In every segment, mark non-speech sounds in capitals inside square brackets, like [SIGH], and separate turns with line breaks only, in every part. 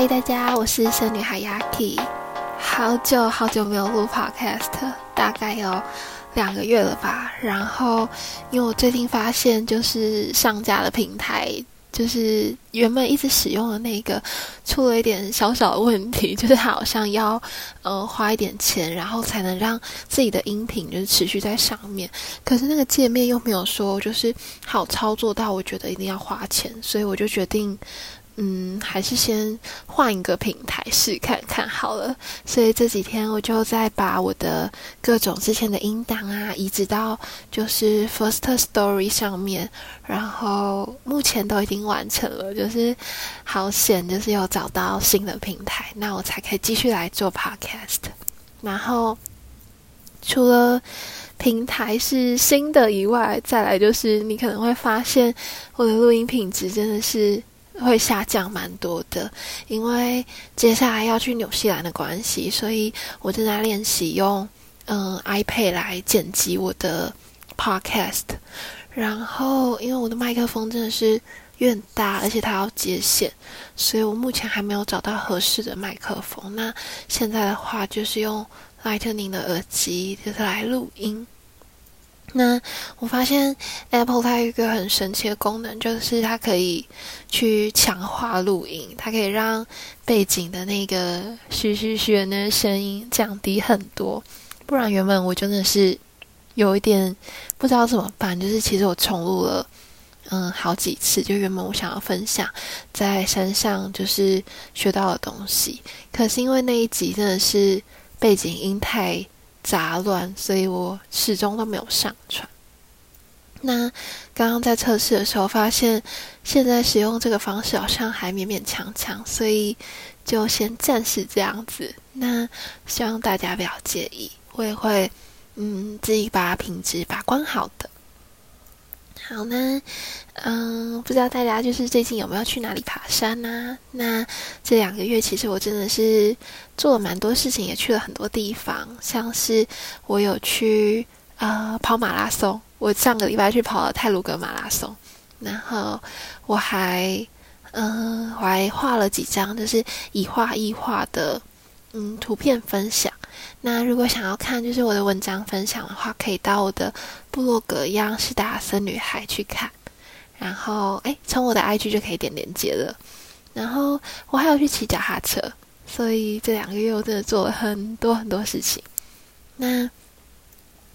嗨，大家，我是生女孩 Yaki。好久好久沒有錄 Podcast，大概有兩個月了吧。然後，因為我最近發現，就是上架的平台，就是原本一直使用的那個，出了一點小小的問題，就是好像要呃花一點錢，然後才能讓自己的音頻就是持續在上面。可是那個界面又沒有說就是好操作到，我覺得一定要花錢，所以我就決定。嗯，還是先換一個平台試看看好了。所以這幾天我就在把我的各種之前的音檔啊，移植到就是 Firstory 上面，然後目前都已經完成了。就是好險，就是有找到新的平台，那我才可以繼續來做 Podcast。然後除了平台是新的以外，再來就是你可能會發現我的錄音品質真的是。會下降蠻多的，因為接下來要去紐西蘭的關係，所以我正在練習用嗯 iPad 來剪輯我的 Podcast。然後，因為我的麥克風真的是越大，而且它要接線，所以我目前還沒有找到合適的麥克風。那現在的話，就是用 Lightning 的耳機就是來錄音。那我發現 Apple 它有一個很神奇的功能，就是它可以去強化錄音，它可以讓背景的那個噓噓噓的那個聲音降低很多。不然原本我真的是有一點不知道怎麼辦，就是其實我重錄了嗯好幾次，就原本我想要分享在山上就是學到的東西，可是因為那一集真的是背景音太雜亂，所以我始終都沒有上傳。那剛剛在測試的時候發現，現在使用這個方式好像還勉勉強強，所以就先暫時這樣子。那希望大家不要介意，我也會嗯自己把品質把關好的。好呢，嗯，不知道大家就是最近有沒有去哪裡爬山呢、啊？那這兩個月其實我真的是做了蠻多事情，也去了很多地方，像是我有去呃跑馬拉松，我上個禮拜去跑了太魯閣馬拉松，然後我還嗯我還畫了幾張就是一畫一畫的嗯圖片分享。那如果想要看就是我的文章分享的話，可以到我的部落格一樣是打生女孩去看，然後哎，從、欸、我的 IG 就可以點連結了。然後我還有去騎腳踏車，所以這兩個月我真的做了很多很多事情。那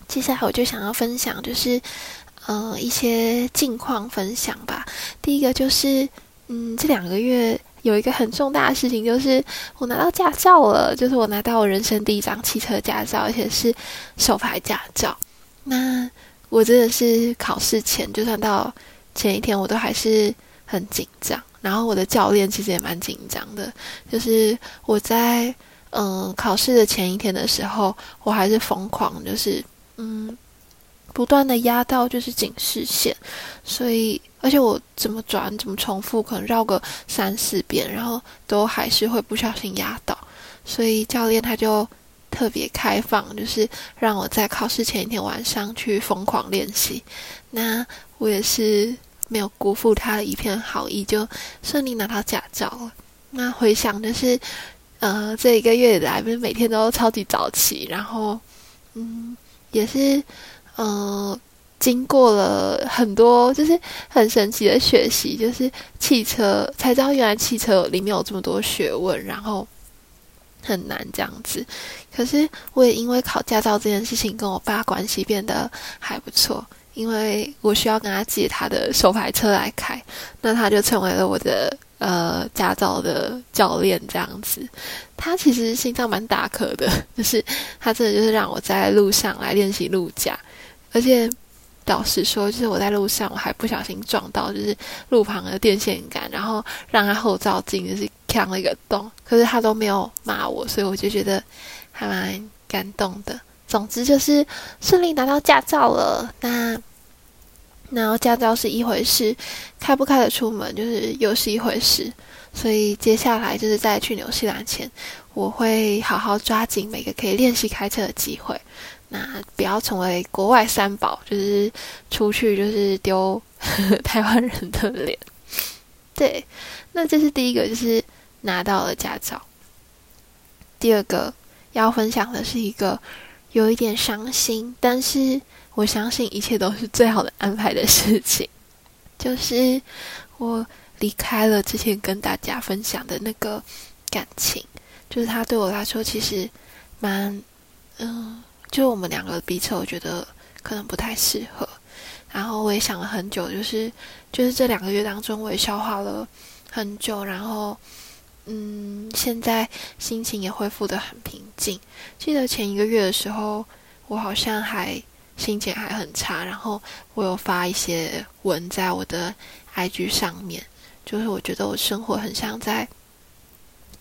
接下來我就想要分享，就是呃一些近況分享吧。第一個就是，嗯，這兩個月有一個很重大的事情，就是我拿到駕照了，就是我拿到我人生第一張汽車駕照，而且是手排駕照。那我真的是考試前，就算到前一天，我都還是很緊張。然後我的教練其實也蠻緊張的，就是我在嗯考試的前一天的時候，我還是瘋狂，就是嗯不斷的壓到就是警示線，所以而且我怎麼轉怎麼重複，可能繞個三四遍，然後都還是會不小心壓到，所以教練他就。特別開放，就是讓我在考試前一天晚上去瘋狂練習。那我也是沒有辜負他的一片好意，就順利拿到駕照了。那回想就是，呃，這一個月以來不是每天都超級早起，然後，嗯，也是，呃，經過了很多，就是很神奇的學習，就是汽車，才知道原來汽車裡面有這麼多學問，然後。很難這樣子，可是我也因為考駕照這件事情，跟我爸關係變得還不錯，因為我需要跟他借他的手排車來開，那他就成為了我的呃駕照的教練這樣子。他其實心臟蠻大顆的，就是他真的就是讓我在路上來練習路駕，而且老實說，就是我在路上我還不小心撞到就是路旁的電線桿，然後讓他後照鏡就是。搶了一個洞，可是他都沒有罵我，所以我就覺得還蠻感動的。總之就是順利拿到駕照了。那，然後駕照是一回事，開不開得出門就是又是一回事。所以接下來就是在去紐西蘭前，我會好好抓緊每個可以練習開車的機會。那不要成為國外三寶，就是出去就是丟 [LAUGHS] 台灣人的臉。對，那這是第一個，就是。拿到了駕照。第二個要分享的是一個有一點傷心，但是我相信一切都是最好的安排的事情，就是我離開了之前跟大家分享的那個感情，就是他對我來說其實蠻嗯，就是我們兩個彼此我覺得可能不太適合，然後我也想了很久，就是就是這兩個月當中我也消化了很久，然後。嗯，現在心情也恢復得很平靜。記得前一個月的時候，我好像還心情還很差，然後我有發一些文在我的 IG 上面，就是我覺得我生活很像在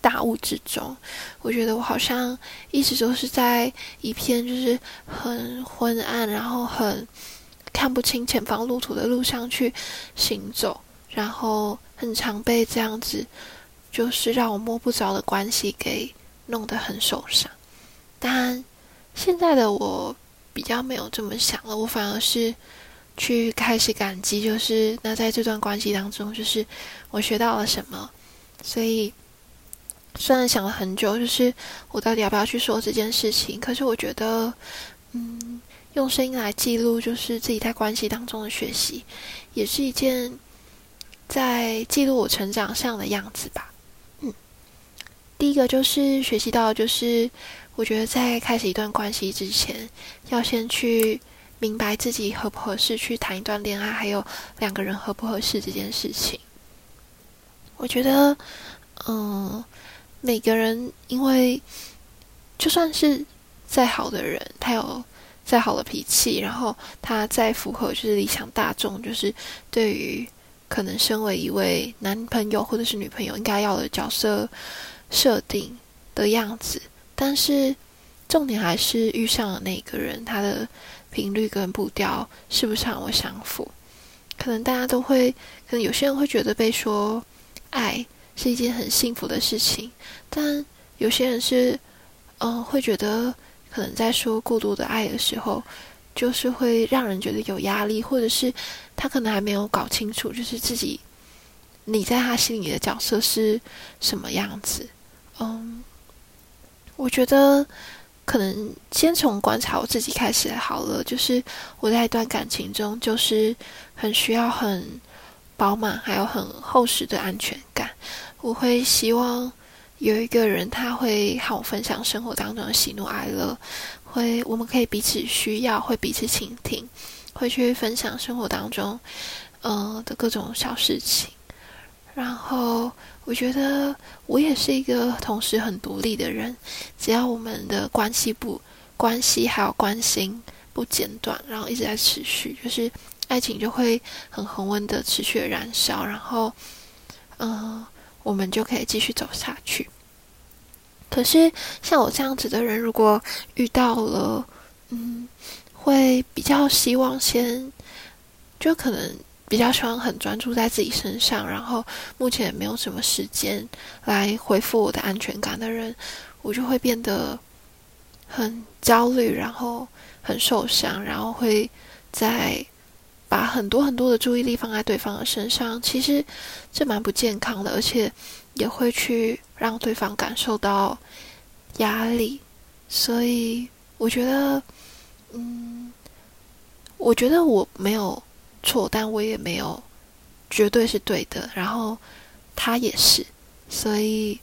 大霧之中，我覺得我好像一直都是在一片就是很昏暗，然後很看不清前方路途的路上去行走，然後很常被這樣子。就是讓我摸不着的關係給弄得很受傷，但現在的我比較沒有這麼想了，我反而是去開始感激，就是那在這段關係當中，就是我學到了什麼。所以雖然想了很久，就是我到底要不要去說這件事情，可是我覺得，嗯，用聲音來記錄，就是自己在關係當中的學習，也是一件在記錄我成長上的樣子吧。第一個就是學習到，就是我覺得在開始一段關係之前，要先去明白自己合不合適去談一段戀愛，還有兩個人合不合適這件事情。我覺得，嗯，每個人因為就算是再好的人，他有再好的脾氣，然後他再符合就是理想大眾，就是對於可能身為一位男朋友或者是女朋友應該要的角色。設定的樣子，但是重點還是遇上了那個人，他的頻率跟步調是不是很相符？可能大家都會，可能有些人會覺得被說愛是一件很幸福的事情，但有些人是，嗯，會覺得可能在說過多的愛的時候，就是會讓人覺得有壓力，或者是他可能還沒有搞清楚，就是自己你在他心裡的角色是什麼樣子。嗯，我覺得可能先從觀察我自己開始好了。就是我在一段感情中，就是很需要很飽滿，還有很厚實的安全感。我會希望有一個人，他會和我分享生活當中的喜怒哀樂，會我們可以彼此需要，會彼此傾聽，會去分享生活當中嗯、呃、的各種小事情，然後。我覺得我也是一個同時很獨立的人，只要我們的關係不關係還有關心不間斷，然後一直在持續，就是愛情就會很恆溫的持續的燃燒，然後，嗯、呃，我們就可以繼續走下去。可是像我這樣子的人，如果遇到了，嗯，會比較希望先，就可能。比較喜歡很專注在自己身上，然後目前也沒有什麼時間來恢復我的安全感的人，我就會變得很焦慮，然後很受傷，然後會再把很多很多的注意力放在對方的身上。其實這蠻不健康的，而且也會去讓對方感受到壓力。所以我覺得，嗯，我覺得我沒有。錯，但我也沒有絕對是對的。然後他也是，所以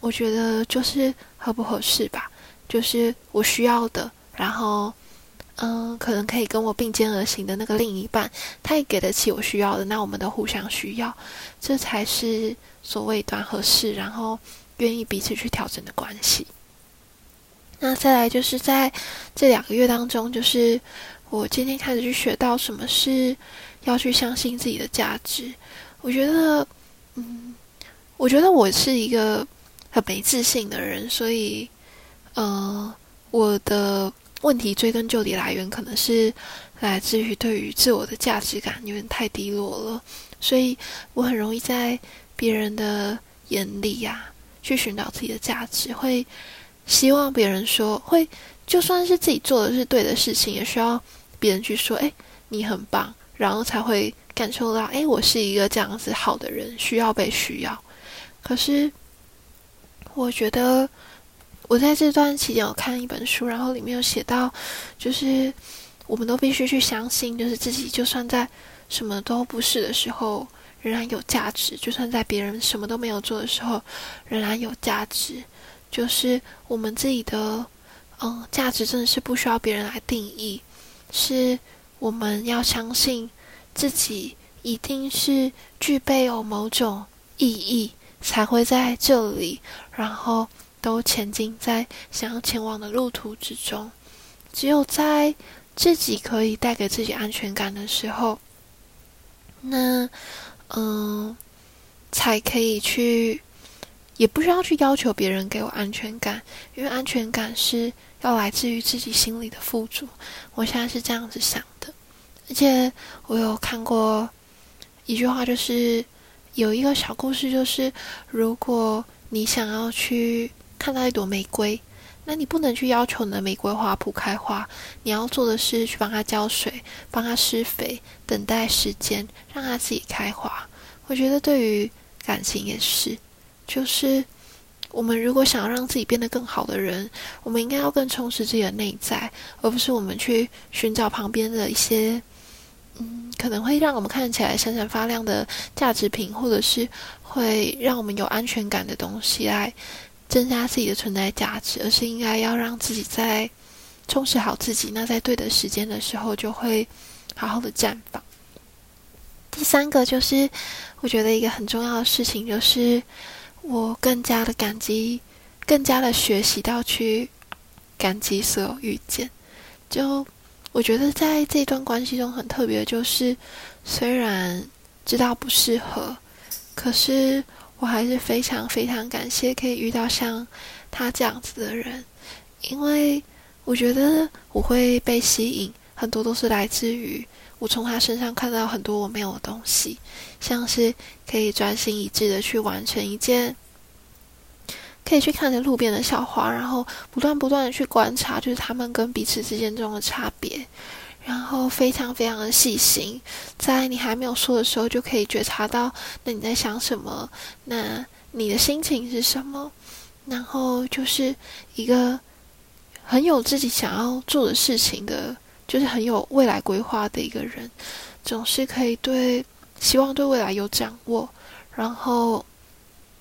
我覺得就是合不合適吧，就是我需要的。然後，嗯，可能可以跟我並肩而行的那個另一半，他也給得起我需要的。那我們都互相需要，這才是所謂一段合適，然後願意彼此去調整的關係。那再來就是在這兩個月當中，就是我今天開始去學到什麼是要去相信自己的價值。我覺得，嗯，我覺得我是一個很沒自信的人，所以，呃，我的問題追根究底來源可能是來自於對於自我的價值感有點太低落了，所以我很容易在別人的眼裡呀去尋找自己的價值會。希望別人說會，就算是自己做的是對的事情，也需要別人去說：“欸，你很棒。”然後才會感受到：“欸，我是一個這樣子好的人，需要被需要。”可是，我覺得我在這段期間有看一本書，然後裡面有寫到，就是我們都必須去相信，就是自己就算在什麼都不是的時候，仍然有價值；就算在別人什麼都沒有做的時候，仍然有價值。就是我們自己的，嗯，價值真的是不需要別人來定義，是我們要相信自己一定是具備有某種意義才會在這裡，然後都前進在想要前往的路途之中。只有在自己可以帶給自己安全感的時候，那，嗯，才可以去。也不需要去要求別人給我安全感，因為安全感是要來自於自己心裡的富足。我現在是這樣子想的，而且我有看過一句話，就是有一個小故事，就是如果你想要去看到一朵玫瑰，那你不能去要求你的玫瑰花圃開花，你要做的是去幫它澆水、幫它施肥，等待時間讓它自己開花。我覺得對於感情也是。就是我們如果想要讓自己變得更好的人，我們應該要更充實自己的內在，而不是我們去尋找旁邊的一些，嗯，可能會讓我們看起來閃閃發亮的價值品，或者是會讓我們有安全感的東西來增加自己的存在價值，而是應該要讓自己在充實好自己，那在對的時間的時候，就會好好的綻放。第三個就是我覺得一個很重要的事情就是。我更加的感激，更加的學習到去感激所有遇見。就我覺得在這段關係中很特別，就是雖然知道不適合，可是我還是非常非常感謝可以遇到像他這樣子的人，因為我覺得我會被吸引，很多都是來自於。我從他身上看到很多我沒有的東西，像是可以專心一致的去完成一件，可以去看着路邊的小花，然後不斷不斷的去觀察，就是他們跟彼此之間中的差別，然後非常非常的細心，在你還沒有說的時候就可以覺察到那你在想什麼，那你的心情是什麼，然後就是一個很有自己想要做的事情的。就是很有未來規劃的一個人，總是可以對希望對未來有掌握，然後，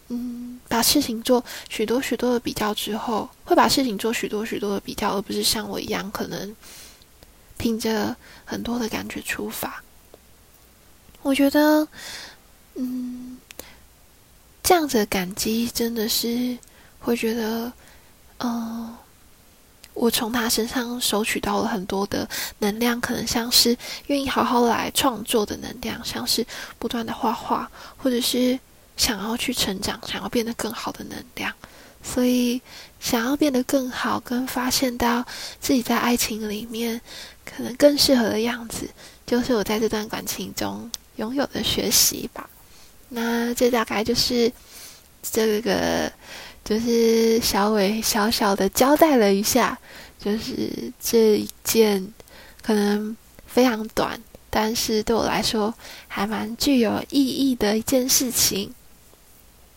嗯，把事情做許多許多的比較之後，會把事情做許多許多的比較，而不是像我一樣可能憑着很多的感覺出發。我覺得，嗯，這樣子的感激真的是會覺得，嗯。我從他身上收取到了很多的能量，可能像是願意好好來創作的能量，像是不斷的畫畫，或者是想要去成長、想要變得更好的能量。所以，想要變得更好，跟發現到自己在愛情裡面可能更適合的樣子，就是我在這段感情中擁有的學習吧。那這大概就是這個。就是小偉小小的交代了一下，就是這一件可能非常短，但是對我來說還蠻具有意義的一件事情。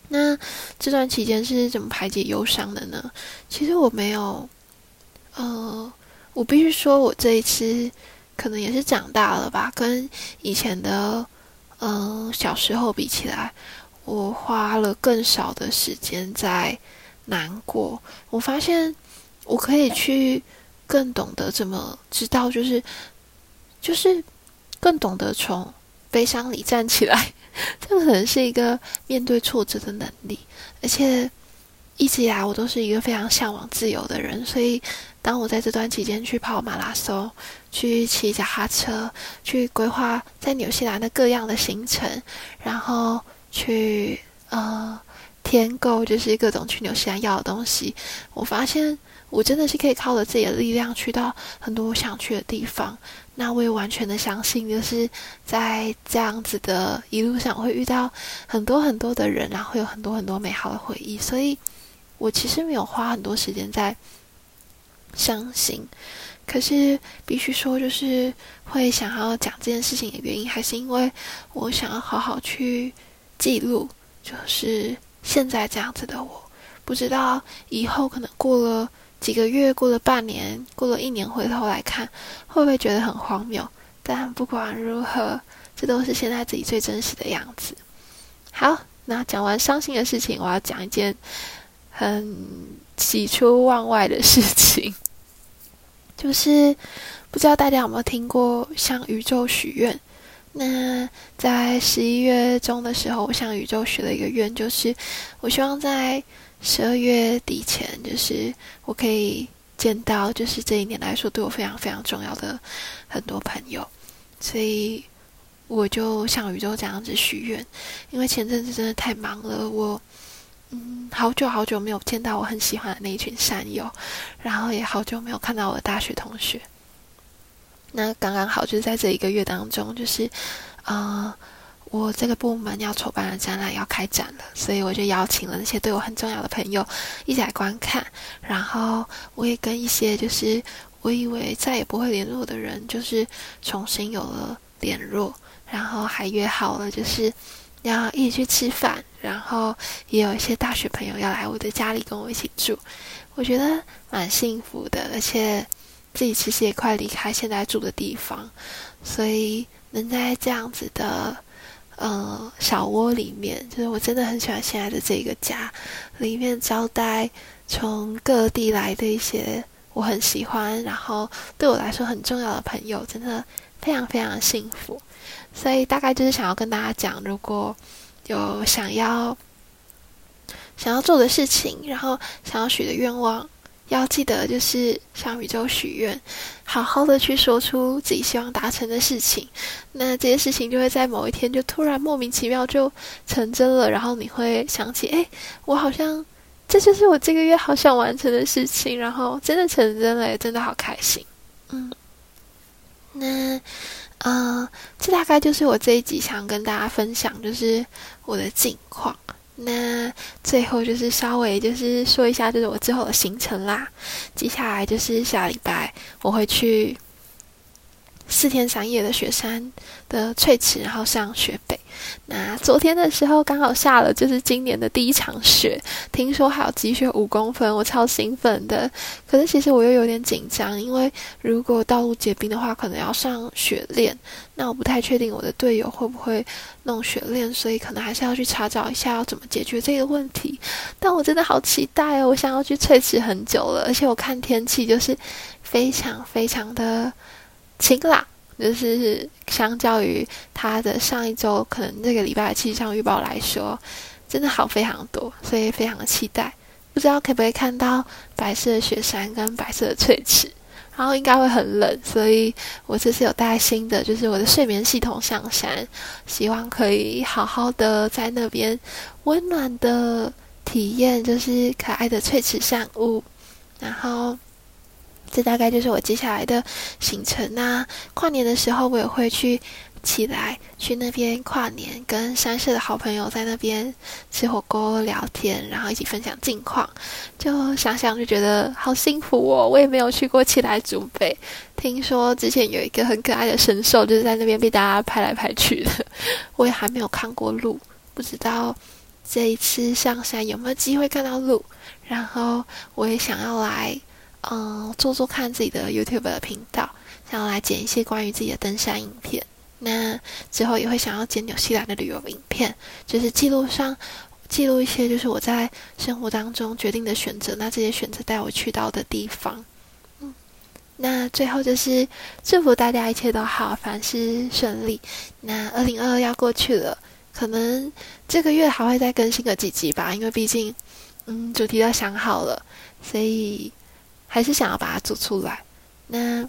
那這段期間是怎麼排解憂傷的呢？其實我沒有，嗯、呃，我必須說，我這一次可能也是長大了吧，跟以前的嗯、呃、小時候比起來。我花了更少的時間在難過，我發現我可以去更懂得怎麼知道，就是就是更懂得從悲傷裡站起來。這可能是一個面對挫折的能力。而且一直以來，我都是一個非常向往自由的人，所以當我在這段期間去跑馬拉松，去騎腳踏車，去規劃在紐西蘭的各樣的行程，然後。去呃，添購就是各種去紐西蘭要的東西。我發現我真的是可以靠着自己的力量去到很多我想去的地方。那我也完全的相信，就是在這樣子的一路上，我會遇到很多很多的人，然後會有很多很多美好的回憶。所以，我其實沒有花很多時間在相信。可是必須說，就是會想要講這件事情的原因，還是因為我想要好好去。記錄就是現在這樣子的我，不知道以後可能過了幾個月，過了半年、過了一年，回頭來看會不會覺得很荒謬？但不管如何，這都是現在自己最真實的樣子。好，那講完傷心的事情，我要講一件很喜出望外的事情，就是不知道大家有沒有聽過向宇宙許願？那在十一月中的時候，我向宇宙許了一個願，就是我希望在十二月底前，就是我可以見到，就是這一年來說對我非常非常重要的很多朋友，所以我就向宇宙這樣子許願，因為前陣子真的太忙了，我嗯好久好久沒有見到我很喜歡的那一群山友，然後也好久沒有看到我的大學同學。那剛剛好，就是在這一個月當中，就是，啊、呃，我這個部門要籌辦的展覽要開展了，所以我就邀請了那些對我很重要的朋友一起來觀看。然後我也跟一些就是我以為再也不會聯絡的人，就是重新有了聯絡，然後還約好了，就是要一起去吃飯。然後也有一些大學朋友要來我的家裡跟我一起住，我覺得蠻幸福的，而且，自己其實也快離開現在住的地方，所以能在這樣子的呃小窩裡面，就是我真的很喜歡現在的這個家，裡面招待從各地來的一些我很喜歡，然後對我來說很重要的朋友，真的非常非常幸福。所以大概就是想要跟大家講，如果有想要想要做的事情，然後想要許的願望，要記得，就是向宇宙許願，好好的去說出自己希望達成的事情，那這些事情就會在某一天就突然莫名其妙就成真了。然後你會想起，哎、欸，我好像這就是我這個月好想完成的事情，然後真的成真了，也真的好開心。嗯，那，嗯、呃，這大概就是我這一集想跟大家分享，就是我的近況。那最後就是稍微就是說一下，就是我之後的行程啦。接下來就是下禮拜我會去。四天三夜的雪山的翠池，然後上雪北。那昨天的時候剛好下了，就是今年的第一場雪。聽說還有積雪五公分，我超興奮的。可是其實我又有點緊張，因為如果道路結冰的話，可能要上雪鏈。那我不太確定我的隊友會不會弄雪鏈，所以可能還是要去查找一下要怎麼解決這個問題。但我真的好期待哦！我想要去翠池很久了，而且我看天氣就是非常非常的。晴朗，就是相較於它的上一周，可能這個禮拜的氣象預報來說，真的好非常多，所以非常的期待。不知道可不可以看到白色的雪山跟白色的翠池，然後應該會很冷，所以我這次有帶新的，就是我的睡眠系統上山，希望可以好好的在那邊溫暖的體驗，就是可愛的翠池山屋，然後。這大概就是我接下來的行程啦、啊。跨年的時候，我也會去翠池去那邊跨年，跟山社的好朋友在那邊吃火鍋聊天，然後一起分享近況。就想想就覺得好幸福哦！我也沒有去過翠池雪北，聽說之前有一個很可愛的神獸，就是在那邊被大家拍來拍去的。我也還沒有看過鹿，不知道這一次上山有沒有機會看到鹿，然後我也想要來。嗯，做做看自己的 YouTube 的頻道，想要來剪一些關於自己的登山影片。那之後也會想要剪紐西蘭的旅遊影片，就是記錄上記錄一些就是我在生活當中決定的選擇，那這些選擇帶我去到的地方。嗯，那最後就是祝福大家一切都好，凡事順利。那二零二二要過去了，可能這個月還會再更新個幾集吧，因為畢竟嗯主題都想好了，所以。還是想要把它做出來。那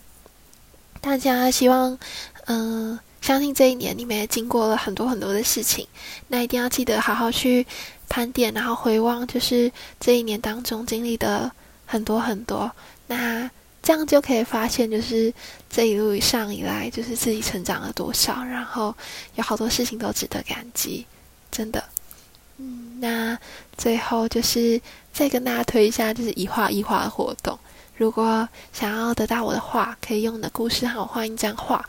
大家希望，嗯，相信這一年你們也經過了很多很多的事情，那一定要記得好好去盤點，然後回望，就是這一年當中經歷的很多很多。那這樣就可以發現，就是這一路以上以來，就是自己成長了多少，然後有好多事情都值得感激，真的。嗯，那最後就是再跟大家推一下，就是一畫一畫的活動。如果想要得到我的畫，可以用你的故事讓我畫一張畫，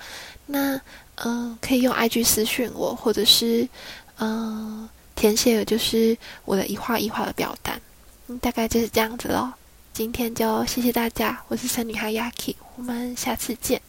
那嗯，可以用 IG 私訊我，或者是嗯，填寫的就是我的一畫一畫的表單，嗯，大概就是這樣子咯。今天就謝謝大家，我是森女孩 Yaki，我們下次見。